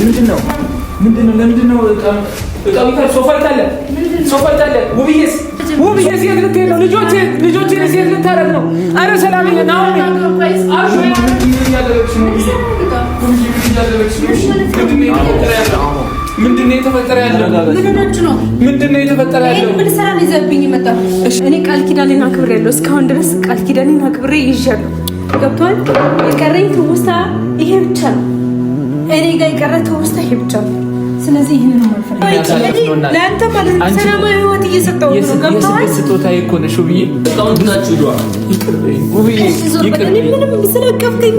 ምንድን ነው? ለምንድን ነው እቃ ቢታል ሶፋ ይታለ ሶፋ ይታለ። ውብዬስ ውብዬስ የት ልትሄድ ነው? ልጆቼን ልጆቼንስ የት ልታረግ ነው? አረ ሰላም የለ ናሁ ምንድን ነው የተፈጠረ ያለው? ምንድን ነው የተፈጠረ ያለው? ምን ስራ ነው ይዘብኝ መጣ? እኔ ቃል ኪዳኔን አክብሬ ያለው እስካሁን ድረስ ቃል ኪዳኔን አክብሬ ይዣለሁ። ገብቷል። የቀረኝ ትውስታ ይሄ ብቻ ነው። እኔ ጋር የቀረት ውስጥ ብቻ። ስለዚህ ይህንን ለአንተ ማለት ነው ሰላማዊ ህይወት እየሰጠው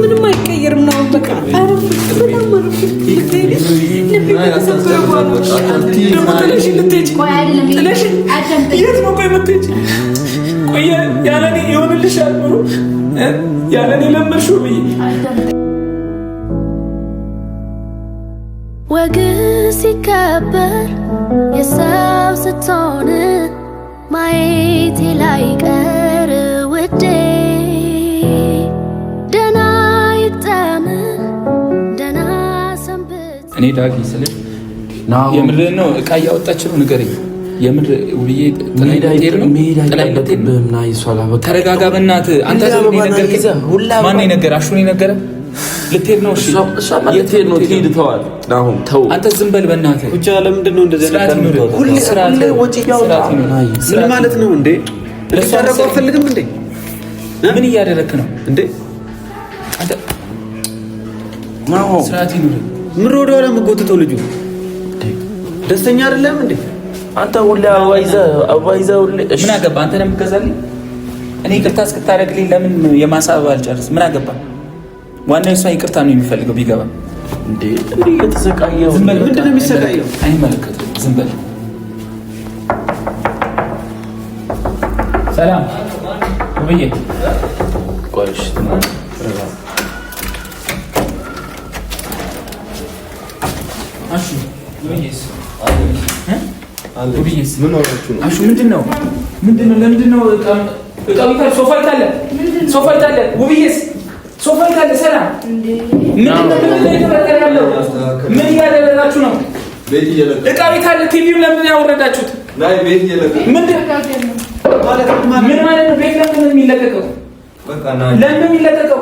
ምንም አይቀየርም ነው በቃ ያለኔ የሆንልሻል ያለኔ ለመርሹ ብዬ ወግ ሲከበር የሰው ስትሆን ማየቴ ላይቀር ውዴ ደና ይጠም ደና ሰንብት። እኔ ዳጊ ስልህ የምርህን ነው? እቃ እያወጣች ነው ንገረኝ። የምር ተረጋጋ፣ በእናትህ አንተ ማነው የነገረህ? አሹ ነው የነገረህ ልትሄድ ነው? እሺ የትሄድ ነው? ትሄድ ተዋል። አሁን ተው አንተ ዝም በል በእናትህ። ብቻ ለምንድን ነው እንደዚህ ምን ማለት ነው እንዴ? ልታረቁ አልፈልግም እንዴ? ምን እያደረክ ነው እንዴ? ስርዓት ወደ ኋላ የምትጎትተው ልጁ ደስተኛ አይደለም እንዴ? አንተ ሁሌ አዋይዘ አዋይዘ ሁሌ ምን አገባ? አንተ ነው የምትገዛልኝ እኔ ይቅርታ እስክታደርግልኝ ለምን የማሳብ አልጨርስ ምን አገባ? ዋና እሷ ይቅርታ ነው የሚፈልገው። ቢገባ እየተሰቃየሁ ምንድን ነው የሚሰቃየው? አይመለከትም። ዝም በል ሰላም ውብዬ ምንድን ነው ምንድን ነው? ለምንድን ነው ሶፋ ይታለ ሶፋ ይታለ ውብዬስ ሶፋ ካለ ሰላም፣ ምን እያደረጋችሁ ነው? እቃ ቤት አለ። ቲቪም ለምን ያወረዳችሁት? ምን ማለት ነው? ቤት ለምን የሚለቀቀው? ለምን የሚለቀቀው?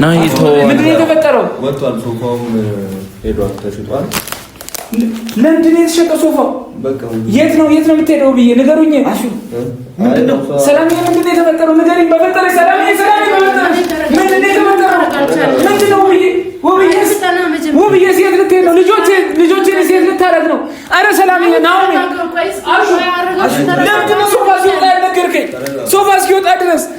ምንድን ነው የተፈጠረው? ለምንድን ነው የተሸጠው ሶፋው? የት ነው የት ነው የምትሄደው ብዬ ንገሩኝ። ሰላም፣ ምንድን ነው የተፈጠረው?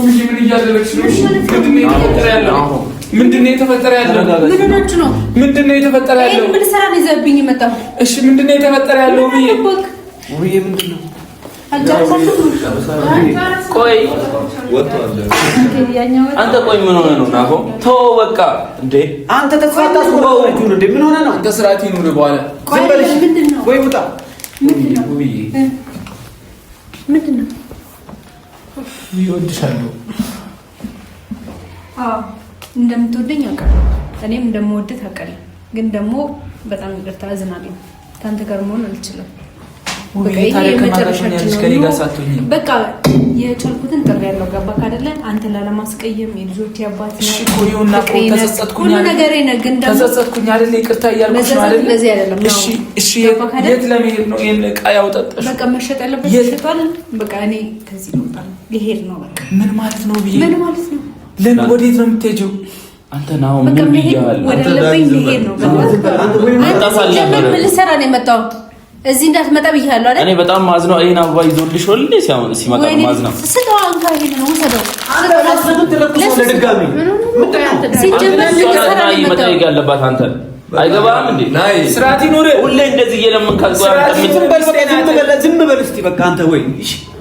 ቆምሽ ምን እያደረግሽ ነው? ምንድን ነው የተፈጠረ ያለው? ምንድን ነው የተፈጠረ ያለው? ምን ስራ ነው ይዘብኝ የመጣው? እሺ ምንድን ነው የተፈጠረ ያለው? ቆይ አንተ ቆይ ምን ሆነ ነው ናሆ ተወው በቃ እንዴ አንተ ተፋታስ ነው ምን ሆነ ነው አንተ በኋላ ወይ ምንድን ነው ይወድሻለሁ። እንደምትወደኝ አውቃለሁ፣ እኔም እንደምወድ ታውቃለህ። ግን ደግሞ በጣም ይቅርታ አዝናለሁ። ከአንተ ጋር መሆን አልችልም። በቃ የቻልኩትን ጥሪ ያለው ገባ ካደለ አንተ ላለማስቀየም የልጆች አባት ሁሉ ነገር ግን ተጸጸትኩኝ አይደል? ይቅርታ እያልኩሽ ነው? መሸጥ ያለበት ሸጧል። በቃ እኔ ከዚህ ይወጣል ሊሄድ ነው። በቃ ምን ማለት ነው ብዬ ምን ማለት ነው? ለምን ወዴት ነው የምትሄጂው? አንተ ነው ምን ብያለሁ? ወደ ለበኝ ነው። ልሰራ ነው የመጣው እዚህ እንዳትመጣ ብያለሁ አይደል? እኔ በጣም ማዝነው ይሄን አበባ ይዞልሽ ወልኔ ሲመጣ ማዝነው መጠየቅ ያለባት አንተ አይገባም እንዴ? ስርዓት ይኖር ሁሌ እንደዚህ እየለመንካ ዝም በል ዝም በቃ አንተ ወይ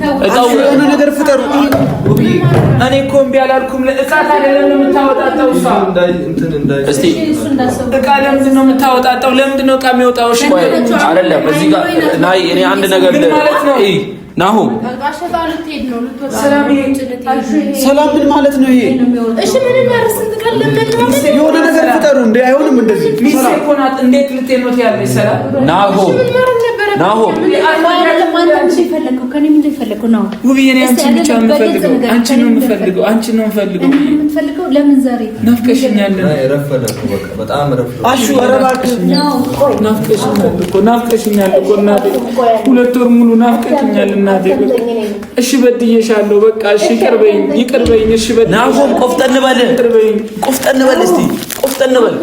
የሆነ ነገር ፍጠሩ። እኔ እኮ እምቢ አላልኩም። እቃት አይደለም የምታወጣጠው እስኪ እቃ ለምንድን ነው የምታወጣጠው? ለምንድን ነው እቃ የሚወጣው? እሺ አይደለም እዚህ ጋር ናይ እኔ አንድ ነገር ነው ናሁ ሰላም ምን ማለት ነው ይሄ? የሆነ ነገር ፍጠሩ። እንደ አይሆንም እንደዚህ ሚስት እኮ ናት። እንዴት ልትሄድ ነው ትያለሽ? ሰላም ናሁ ናሆም ውብዬ፣ ብቻ የምፈልገው ነው የምፈልገው አንቺን ነው የምፈልገው። ለምን ዛሬ ናፍቀሽኛል? አሹ ኧረ እባክህ እኮ እኮ ሁለት ወር ሙሉ ናፍቀሽኛል እናቴ። እሺ በድዬሻለሁ፣ በቃ እሺ፣ ይቅር በይኝ፣ ይቅር በይኝ። እሺ በድዬ ቆፍጠን በል፣ ቆፍጠን በል፣ እስኪ ቆፍጠን በል።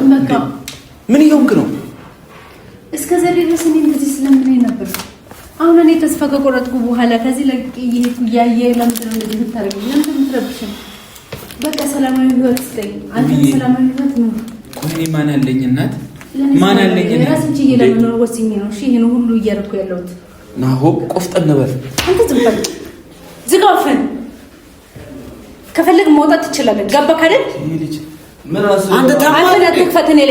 ምን እየሆንክ ነው? እስከ ዘዴ ድረስ እኔ እንደዚህ ስለምን ነበር? አሁን እኔ ተስፋ ከቆረጥኩ በኋላ ከዚህ ለቅቄ እየሄድኩ እያየ ለምንድን ነው እንደዚህ የምታደርገው? ለምንድን ነው የምትረብሽኝ? በቃ ሰላማዊ ህይወት ስጠኝ። አንተ ሰላማዊ ህይወት ነው። እኔ ማን አለኝ እናት? ማን አለኝ እናት? ራስ እንጂ ለምኖር ወስኜ ነው። እሺ ይህን ሁሉ እያደረኩ ያለሁት ናሆ ቆፍጠን በል አንተ። ዝም በል ዝጋ አፍህን። ከፈለግ መውጣት ትችላለህ። ገባህ አይደል? አንተ ታማ አንተ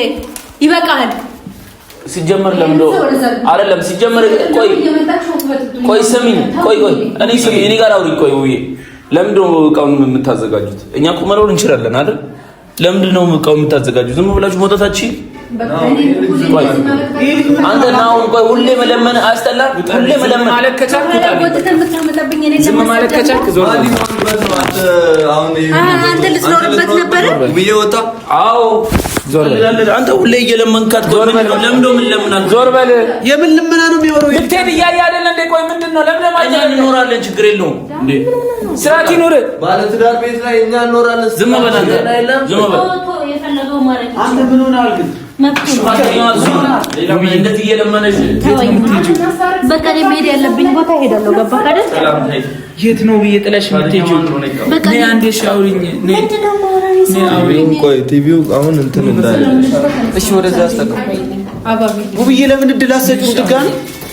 ላይ ይበቃሃል። ሲጀመር ለምዶ አይደለም። ሲጀመር ቆይ ቆይ ስሚኝ፣ ቆይ ቆይ እኔ ስሚ እኔ ጋር አውሪኝ። ቆይ ውዬ ለምዶ እቃውን የምታዘጋጁት? እኛ እኮ መኖር እንችላለን አይደል? ለምንድን ነው እቃውን የምታዘጋጁት? ዝም ብላችሁ መውጣታችሁ አንተ ና አሁን ቆይ፣ ሁሌ መለመን አያስጠላም። ሁሌ መለመን ማለት ከቻልክ ዝም ዞር አንተ ልትኖርበት ነበረ። አዎ አንተ ሁሌ እየለመንካት ለምዶ ምን ለምናል? ዞር በል። የምን ልመና ነው የሚሆነው? ልትሄድ እያየ አይደለ እንዴ? ቆይ ምንድን ነው ለምለም? እኛ እንኖራለን፣ ችግር የለውም እንዴ? ስርዓት ይኑር። ባለ ቤት ላይ እኛ እንኖራለን። ዝም በል አንተ፣ ዝም በል። አንተ ምን ሆነሃል ግን በቃ እኔ ያለብኝ ቦታ እሄዳለሁ። ገባ የት ነው ብዬ ጥለሽ የምትሄጂው? እኔ አንዴ እሺ ቆይ ቲቪው አሁን እንትን እንዳለ እሺ፣ ወደዛ አስጠቅም ውብዬ ለምን እድል አትሰጪውም ድጋሚ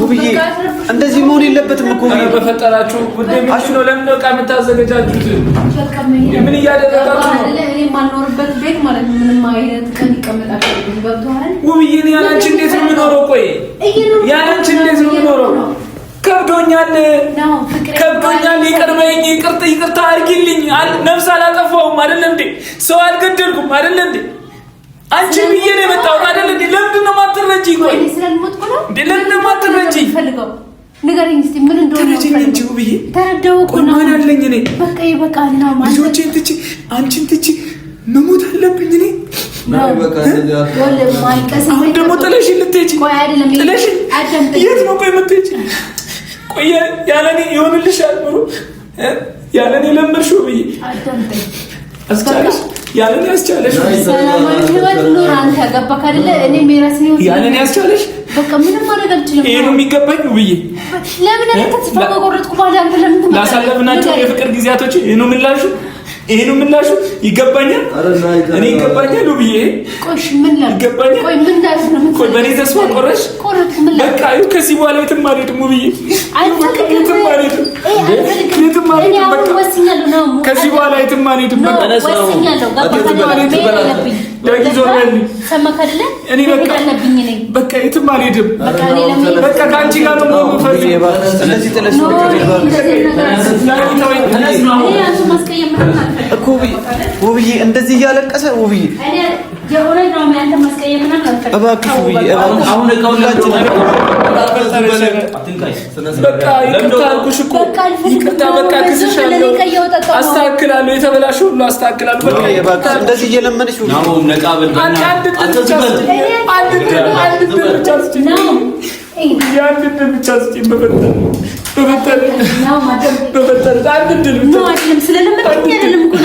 ውብዬ እንደዚህ መሆን የለበትም እኮ ነው። በፈጠራችሁ ጉዳይ ምን ነው? ለምን ነው ዕቃ የምታዘገጃጁት? ምን እያደረጋችሁ ነው? የማልኖርበት ቤት ማለት ምንም አይነት ቀን ይቀመጣል። ገብቶሃል? ውብዬ ያለ አንቺ እንዴት ነው የምኖረው? ቆይ ያለ አንቺ እንዴት ነው የምኖረው? ከብዶኛል፣ ከብዶኛል። ይቅርበኝ፣ ይቅርታ፣ ይቅርት አድርጊልኝ። ነፍስ አላጠፋሁም አይደል እንዴ? ሰው አልገደልኩም አይደል እንዴ? አንቺ ብዬ ነው የመጣሁት አይደል እንዴ? ለምንድን ነው የማትረጂኝ? ቆይ ለምንድን ነው የማትረጂኝ? የምትፈልገው? ምን እንደሆነ ማን አለኝ እኔ በቃ አንቺን ትቼ መሞት አለብኝ እኔ አሁን ደግሞ ጥለሽኝ ልትሄጂ ጥለሽኝ የት ነው ቆይ የምትሄጂ? ቆይ ያለ እኔ ይሆንልሻል ብሩ ያለ እኔ ለመድሽው ብዬ አስቻለሽ ያለ እኔ አስቻለሽ ሰላማዊ ህይወት አይደለ እኔ ያለ እኔ አስቻለሽ በቃ ምንም ማድረግ አልችልም። ይሄ ነው የሚገባኝ ውብዬ። ለምን አይነት ተስፋ መቆረጥኩ? ላሳለፍናቸው የፍቅር ጊዜያቶች ይሄ ነው ምላሹ፣ ይሄ ነው ምላሹ። ይገባኛል፣ እኔ ይገባኛል ውብዬ። ቆሽ ምን ላል ይገባኛል። ቆይ ምን ላል ነው? ቆይ በእኔ ተስፋ ቆረሽ? ቆረጥ ምን ላል በቃ ይሁ ከዚህ በኋላ የትም አልሄድም ውብዬ፣ የትም አልሄድም፣ የትም አልሄድም። በቃ ከዚህ በኋላ የትም አልሄድም። በቃ ወስኛለሁ። ገባ ዳጊ ዞር በል። አይደለ? እኔ በቃ በቃ የትም አልሄድም። በቃ ከአንቺ ጋር ነው መሆን የምፈልገው። እንደዚህ እያለቀሰ ውብዬ አስተካክላለሁ፣ የተበላሽ ሁሉ አስተካክላለሁ። እንደዚህ እየለመነች የአንድ ድል ብቻ ስጪኝ። በፈጠረ በፈጠረ በፈጠረ አንድ ድል ብቻ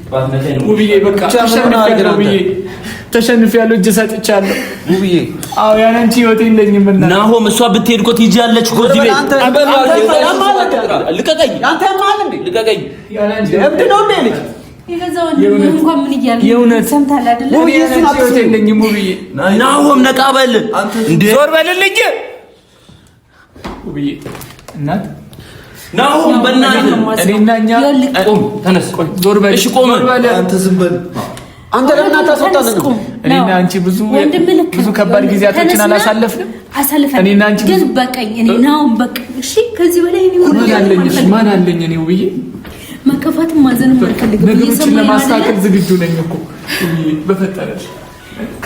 ውብዬ በቃ ተሸንፍ ያለው እጅ ሰጥቻለሁ። ውብዬ አዎ፣ ያን አንቺ የለኝም። ናሆም እሷ ብትሄድ እኮ ትሄጃለች እኮ እዚህ ቤት ናሆም ነቃ በል፣ ዞር በልልኝ እናት ናሁም በእናትህ እኔና ቆም፣ ተነስ፣ እሺ ቆም፣ አንተ አንተ ለምን አንቺ ብዙ ብዙ ከባድ ጊዜያቶችን አላሳለፍንም። ግን በቀኝ እኔ እሺ፣ ከዚህ በላይ ማን አለኝ መከፋትም ማዘንም አልፈልግም። ነገሮችን ለማስተካከል ዝግጁ ነኝ እኮ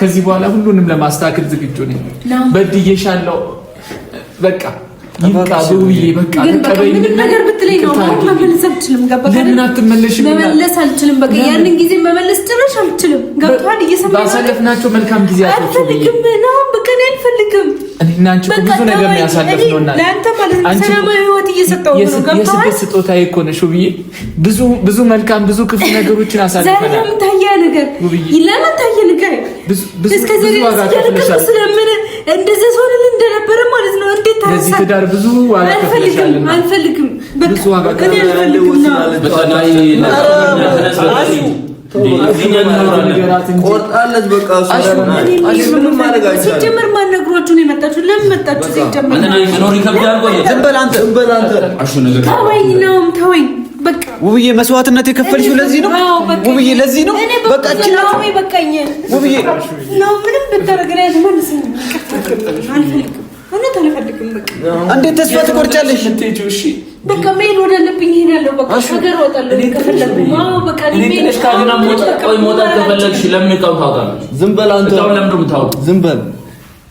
ከዚህ በኋላ ሁሉንም ለማስተካከል ዝግጁ ነኝ። በድዬሻለሁ በቃ ይብቃ ብዬ በቃ ምንም ነገር ያንን ጊዜ መመለስ ጭራሽ አልችልም። ገብቶሃል? እየሰማኸኝ መልካም ጊዜ አልፈልግም ነው በቃ እኔ አልፈልግም። እኔና ብዙ ነገር ነው ያሳለፍነው እና ለአንተ ማለት ነው ሰላማዊ ሕይወት እየሰጠሁህ ነው። ገብቶሃል? የስደት ስጦታዬ እኮ ነሽ ውብዬ። ብዙ ብዙ መልካም ብዙ ክፉ ነገሮችን አሳልፈናል። ዛሬ ለምን ታየ ነገር ለምን ታየ ነገር እስከ ዛሬ ስለ እንደዚህ ሰው እንደነበረ ማለት ነው። እንዴት ለዚህ ትዳር ብዙ ብዙ ሲጀመር ማን ነግሯችሁ ነው የመጣችሁ? ለምን መጣችሁ? ሲጀመር ተወኝ ነው ተወኝ በቃ ውብዬ መስዋዕትነት የከፈልሽው ለዚህ ነው። ውብዬ ለዚህ ነው። በቃ እቺ ነው በቃኝ። ውብዬ ነው ምንም ብታረግሪያት ማለት በቃ እንዴት ተስፋ ትቆርጫለሽ? በቃ መሄድ ወደ ይሄን ያለው በቃ ሀገር እወጣለሁ ከፈለኩ። አዎ በቃ ዝም በል አንተ፣ ዝም በል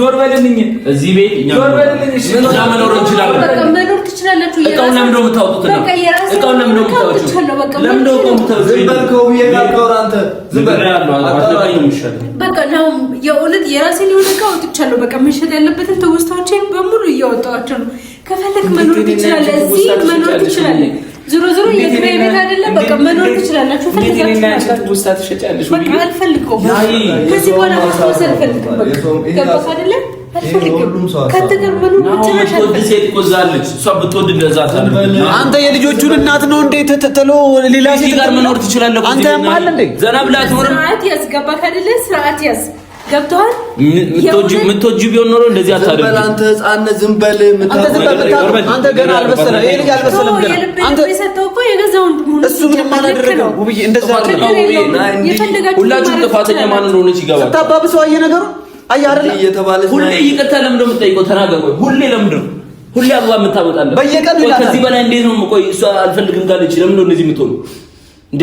ዞር በልልኝ። እዚህ ቤት እዛ መኖር እንችላለን። እቃውን ነው ነው ነው አንተ ዝም ያለው ነው በቃ ነው የእውነት የራሴን የሆነ እቃ አውጥቻለሁ። በቃ መሸጥ ያለበትን ትውስታዎቼን በሙሉ እያወጣኋቸው ነው። ከፈለክ መኖር ትችላለህ፣ እዚህ መኖር ትችላለህ። ዞሮ ዞሮ የኪራይ ቤት አይደለም። በቃ መኖር ትችላላችሁ። አልፈልገውም። ከዚህ በኋላ ማስታወስ አልፈልግም። ገባህ አይደለ? አንተ የልጆቹን እናት ነው እንዴ? ተተተሎ ሌላ ሴት ጋር መኖር ትችላለህ። አንተ ያማል እንዴ? ዘና ብላ አትኖርም። ስርዓት ያዝ። ገባህ አይደለ? ስርዓት ያዝ ገብተዋል። ምትወጂ ቢሆን ኖሮ እንደዚህ አታደርግም። አንተ ህፃነት ዝም በል። አንተ ገና አልበሰለም። ይሄ ልጅ አልበሰለም አንተ እሱ ምንም አላደረገም። ውብዬ እንደዛ ሁላችሁም ጥፋተኛ ማን እንደሆነች ይገባል። ስታባብሰው አየህ ነገሩ ሁሌ ይቅርታ ለምንድን ነው የምትጠይቀው? ተናገር። ሁሌ ለምንድን ነው ሁሌ አበባ የምታመጣለህ? በየቀኑ ከዚህ በላይ እንዴት ነው? ቆይ እሷ አልፈልግም ጋለች። ለምንድን ነው እንደዚህ የምትሆኑ እንዴ?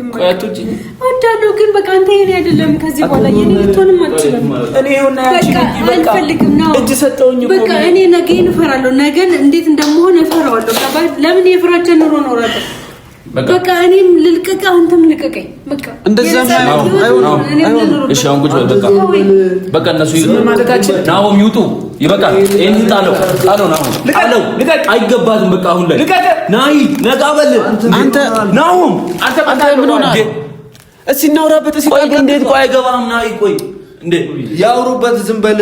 እወዳለሁ፣ ግን በቃ አንተ የኔ አይደለም። ከዚህ በኋላ የኔ ልትሆንም አልችልም። አልፈልግም ነው እጅ ሰጠውኝ። በቃ እኔ ነገን እፈራለሁ። ነገን እንዴት እንደምሆን እፈራዋለሁ። ለምን የፍራቻ ኑሮ እኖራለሁ? በቃ እኔም ልልቀቅ አንተም ልቀቀኝ። በቃ እንደዛ በቃ እነሱ ናሆም ይውጡ። ይበቃል። ይሄን ጣለው፣ ጣለው። ናሆም ጣለው፣ አይገባትም። በቃ አሁን ላይ ናይ ነቃ በል አንተ ናሆም፣ አንተ አንተ ምን ሆነ? እስኪ እናውራበት። እስኪ ቆይ፣ እንዴት ቆይ፣ አይገባም። ናይ ቆይ፣ እንዴ ያውሩበት። ዝም በል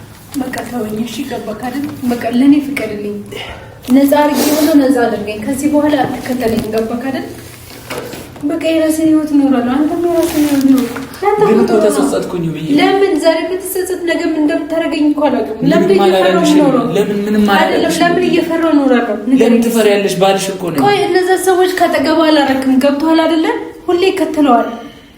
ተወኝ እሺ። ገባክ አይደል? ለእኔ ፍቀድልኝ፣ ነፃ አድርጌ ሆነ ነፃ አድርገኝ። ከዚህ በኋላ አትከተለኝ። ገባክ አይደል? በቃ የራስን ህይወት እኖራለሁ። አንተም የራስን ህይወት ኖር። ግን እኮ ተጸጸትኩኝ ብዬ ለምን ዛሬ ብትጸጸት ነገም እንደምታደርገኝ እኮ አላውቅም። ለምን እየፈራሁ እኖራለሁ? ለምን እየፈራሁ እኖራለሁ? ለምን ትፈሪያለሽ? ባልሽ እኮ ነው። ቆይ እነዛ ሰዎች ከአጠገባ አላረክም። ገብቶሃል አይደለ? ሁሌ ይከተለዋል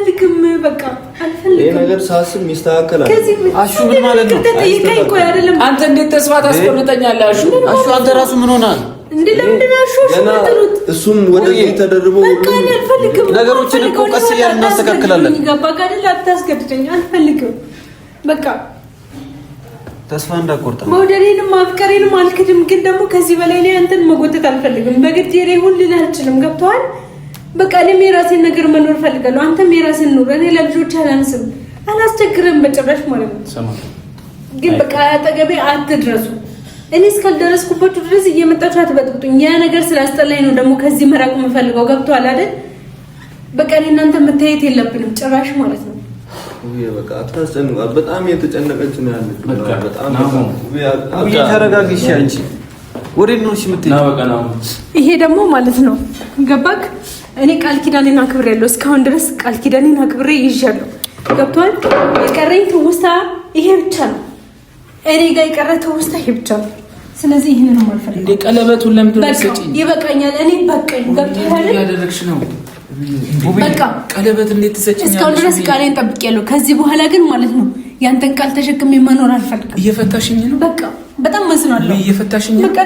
አልፈልግም። በቃ አልፈልግም። ይሄ ነገር ሳስብ ይስተካከላል። አሹ ምን ማለት ነው? አንተ እንዴት ተስፋ ታስቆርጠኛለህ? አሹ አሹ አንተ ራሱ ምን ሆናል? እሱም ወደ ተደርቦ ነገሮችን እኮ ቀስ እያልን እናስተካክላለን። አታስገድደኝ፣ ተስፋ እንዳቆርጥ መውደዴንም ማፍቀሬንም አልክድም፣ ግን ደግሞ ከዚህ በላይ ላይ አንተን መጎተት አልፈልግም። በግድ ሁሉን አልችልም። ገብቶሃል? በቃ እኔም የራሴን ነገር መኖር ፈልጋለሁ። አንተም የራሴን ኑር። እኔ ለልጆች አላንስም፣ አላስቸግርም በጭራሽ ማለት ነው። ግን በቃ አጠገቤ አትድረሱ። እኔ እስካልደረስኩባችሁ ድረስ እየመጣችሁ አትበጥብጡኝ። ያ ነገር ስላስጠላኝ ነው ደግሞ ከዚህ መራቅ የምፈልገው። ገብቶሃል አይደል? በቃ እኔ እናንተ መታየት የለብንም ጭራሽ ማለት ነው። በጣም የተጨነቀች ነው ያለችው። ተረጋግሽ አንቺ ወደ ነው ይሄ ደግሞ ማለት ነው ገባክ እኔ ቃል ኪዳኔን አክብሬ ያለው እስካሁን ድረስ ቃል ኪዳኔን አክብሬ ይዣለሁ። ገብቷል። የቀረኝ ትውስታ ይሄ ብቻ ነው። እኔ ጋር የቀረ ትውስታ ይሄ ብቻ ነው። ስለዚህ ይህንን አልፈልግም። ቀለበቱን ለምንድን ነው ይበቃኛል። እኔ በቃኝ። ገብቶሃል። ያደረግሽ ነው በቃ ቀለበት እንዴት ትሰጪኛለሽ? እስካሁን ድረስ ቃሌን ጠብቄያለሁ። ከዚህ በኋላ ግን ማለት ነው ያንተን ቃል ተሸክሜ መኖር አልፈልግም። እየፈታሽኝ ነው። በቃ በጣም መስናለሁ። እየፈታሽኝ ነው። በቃ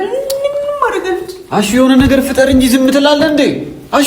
ምንም ማረጋግጥ አሹ፣ የሆነ ነገር ፍጠር እንጂ ዝም ትላለህ እንዴ አሹ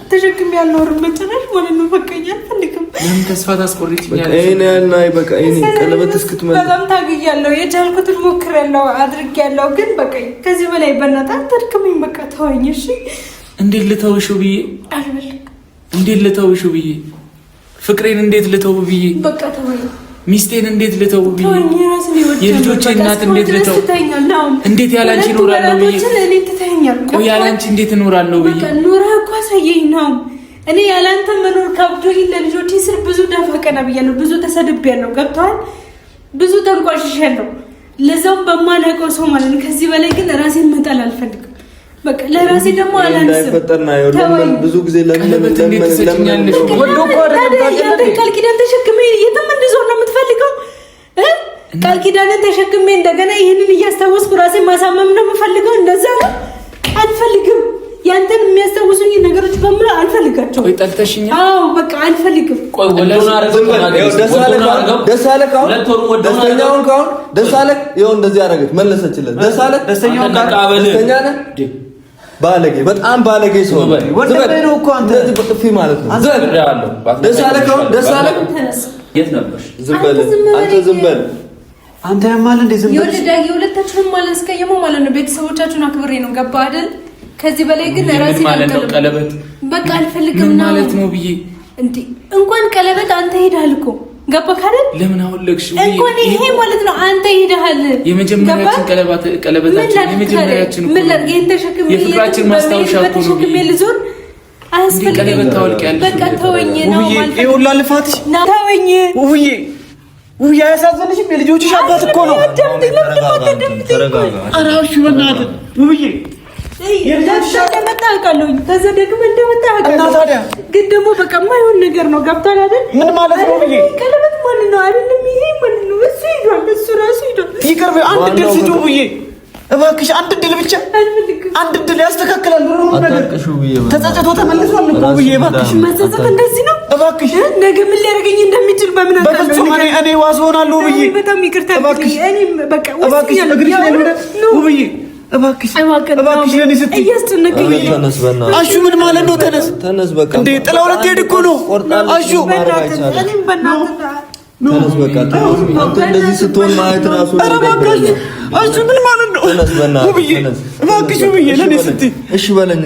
ተሸክም ያለው እርምጭነሽ ማለት ነው። በቃ አልፈልግም። ለምን ተስፋ ታስቆርጭኛለሽ? እኔ ያልና በቃ እኔ ቀለበት እስክትመጣ በጣም ታግያለሁ። የቻልኩትን ሞክሬያለሁ፣ አድርጌያለሁ። ግን በቃ ከዚህ በላይ በእናትህ አታድክመኝ። በቃ ተወኝ እሺ። እንዴት ልተውሽው ብዬ አልፈልግም። እንዴት ልተውሽው ብዬ ፍቅሬን እንዴት ልተው ብዬ በቃ ተወኝ። ሚስቴን እንዴት ልተው ብዬ የልጆቼ እናት እንዴት ልተው እንዴት ያላንቺ እኖራለሁ ብዬ ቆይ ያላንቺ እንዴት እኖራለሁ ብዬ አሳየኝ ነው። እኔ ያላንተ መኖር ከብዶኝ ለልጆች ስር ብዙ ደፋ ቀና ብያለሁ፣ ብዙ ተሰድቤያለሁ። ገብተዋል። ብዙ ተንቋሽሻለሁ፣ ለዛውም በማላውቀው ሰው ማለት ነው። ከዚህ በላይ ግን ራሴን መጣል አልፈልግም። ለራሴ ደግሞ አላንስም። ቃል ቃል ኪዳንን ተሸክሜ እንደገና ይህንን እያስታወስኩ ራሴን ማሳመም ነው የምፈልገው። እንደዛ ነው ያንተን የሚያስታውሱኝ ነገሮች በሙሉ አልፈልጋቸውም። ቆይ ጠልተሽኝ? አዎ በቃ አልፈልግም። ቆይ ደስ አለ ካሁን ካሁን ይሁን እንደዚህ አረገች መለሰችለት። ደስ አለ ደስተኛ ነህ። ባለጌ በጣም ባለጌ ሰው ነው አንተ ጥፊ ማለት ነው። ደስ አለ የት ነበርሽ? አንተ ያማል እንደ ዝም በል የሁለታችንም ማለት እስከየመው ማለት ነው። ቤተሰቦቻችሁን አክብሬ ነው ገባ አይደል ከዚህ በላይ ግን ራሴ ማለት ነው ቀለበት በቃ አልፈልግም ነው ማለት ነው ብዬ እንዴ እንኳን ቀለበት አንተ ሄደሃል እኮ ገባህ አይደል? ለምን አወለቅሽ? እንኳን ይሄ ማለት ነው አንተ ሄዳል የመጀመሪያችን ቀለበት ቀለበታችን የመጀመሪያችን ምን ላይ ተሸክሜ የፍቅራችን ማስታወሻ እኮ ነው ተሸክሜ ልዞር አያስፈልግም። ቀለበት በቃ ተወኝ ነው ማለት ነው። ይኸውልህ ልፋትሽ አባት እኮ ነው። ከዚህ እንደመጣ አውቃለሁ። ከዛ ደግሞ እንደመጣ ግን ደግሞ በቃ የማይሆን ነገር ነው። ገብቷል አይደል? ምን ማለት ነው? ቀለበት ማን ነው? አይደለም ይሄ ማን ነው? እሱ ሄዷል፣ እሱ ራሱ ሄዷል። ይቅርብ። አንድ ድል ስጡ ብዬ እባክሽ፣ አንድ ድል ብቻ፣ አንድ ድል ያስተካክላል ተጸጽቶ ተመልሷል እኮ ብዬ። እባክሽ፣ መጸጸት እንደዚህ ነው። እባክሽ፣ ነገ ምን ሊያደርገኝ እንደሚችል በምን በፍጹም እኔ እኔ ዋስ ሆናለሁ ብዬ በጣም ይቅርታ ብዬ እኔ በቃ ውስጥ ያለ ብዬ አሹ ምን ማለት ነው? ተነስ ተነስ፣ በቃ እንዴ ጥላ ሁለት እኮ ነው አሹ። ተነስ በቃ ተነስ። እንደዚህ ስትሆን ማየት ራሱ አሹ ምን ማለት ነው? ውብዬ እባክሽ ውብዬ ለኔ ስትይ እሺ በለኝ።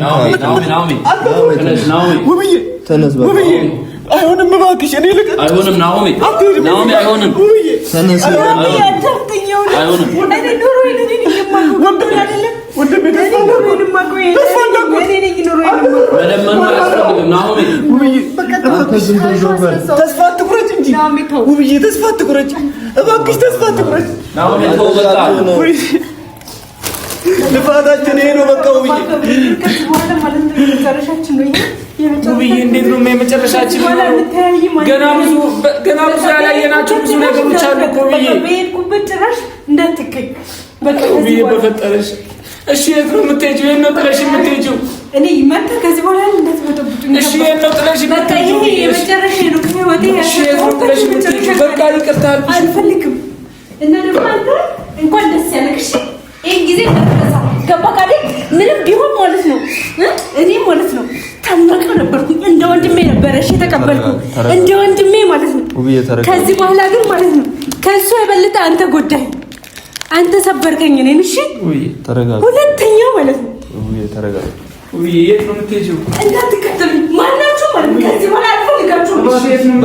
ውብዬ ተነስ በቃ አይሆንም፣ እባክሽ እኔ ልክ አይሆንም። ናኦሚ ናኦሚ አይሆንም። ተነስ አይሆንም ተስፋ አትቁረጭ እንጂ ውብዬ፣ ተስፋ አትቁረጭ እባክሽ፣ ተስፋ አትቁረጭ። ልፋታችን ይሄ ነው። በቃ ውብዬ፣ ውብዬ እንዴት ነው የመጨረሻችን? ገና ብዙ ብዙ ያላየናቸው ብዙ ነገሮች አሉ እኮ ውብዬ፣ በፈጠረሽ እሺ የት ነው የምትሄጂው? የት ነው ጥለሽ የምትሄጂው? እኔ ይመጣ ከዚህ በኋላ እንደት በጠብጡኝ። እሺ የት ነው ጥለሽ የምትሄጂው? ይሄ የመጨረሻ ነው። በቃ ይቅርታ አልፈልግም። እና ደግሞ አንተ እንኳን ደስ ያለህ። እሺ ይሄን ጊዜ እንደተረሳ ገባ ካለ ምንም ቢሆን ማለት ነው እኔ ማለት ነው ታናቀው ነበርኩ እንደ ወንድሜ ነበረ። እሺ ተቀበልኩ እንደ ወንድሜ ማለት ነው። ከዚህ በኋላ ግን ማለት ነው ከእሱ የበለጠ አንተ ጎዳኝ። አንተ ሰበርከኝ እኔን። እሺ ተረጋጋ። ሁለተኛው ማለት ነው። ውይ ተረጋጋ። ውይ የት ነው እንዳትከተሉኝ ማናችሁ ማለት ነው። ከዚህ በኋላ አልፈልጋችሁም።